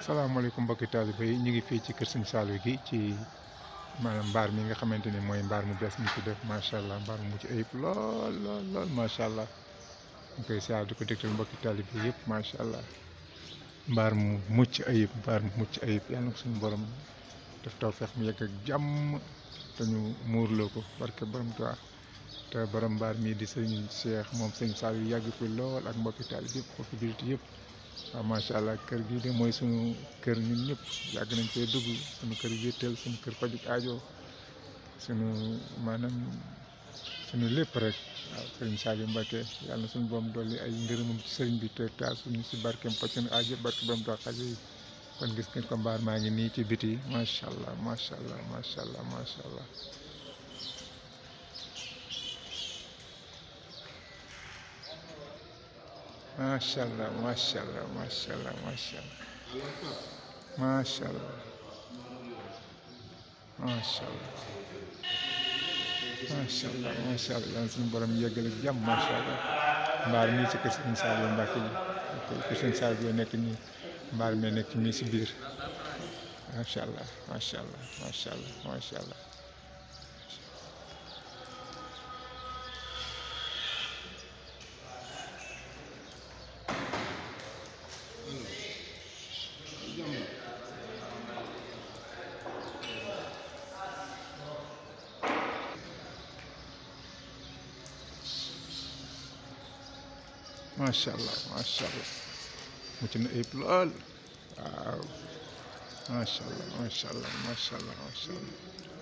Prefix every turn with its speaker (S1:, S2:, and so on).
S1: Assalamualaikum mbokki taalibe yi ñu ngi fii ci kër Sëñ Saliou gi ci maanaam mbaar mi nga xamante ni mooy mbaar mu bees mi ci def macha allah mbaar mu ci ayib lol lol lool macha allah ñu koy siyaar di ko dégtal mbokki taalibe yëpp macha allah mu mucc ayib mbaar mu mucc ayib yàlla suñu borom def mu yegg ak jàmm te ñu muurloo ko barke borom Tuubaa te borom mbaar mii di sëñ Cheikh moom Sëñ Saliou yàgg fi ak waaw macha allah kër gi de mooy suñu kër ñun ñëpp yàgg nañ fee dugg suñu kër wéttal suñu kër fajuk aajo suñu maanaam suñu lépp rek waaw sëriñ Saliou Mbacke yàlla na boom dool yi ay ngërëmam ci sëriñ bi te taal suñu si barkeem faj suñu aajo barke bam dox aajo yi kon gis ngeen ko mbaar maa ngi nii ci biti macha allah macha allah macha allah macha
S2: allah Maşallah, maşallah, maşallah, maşallah. Maşallah. Maşallah. Maşallah,
S1: maşallah. Langsung barang dia gelap jam, maşallah. Barmi sekesin sablon bakın, Kesin sablon nak ini. Barmi nak ini sebir. Maşallah, maşallah, maşallah, maşallah. macha allah macha allah mucc na ayib lool
S2: allah macha allah macha allah macha allah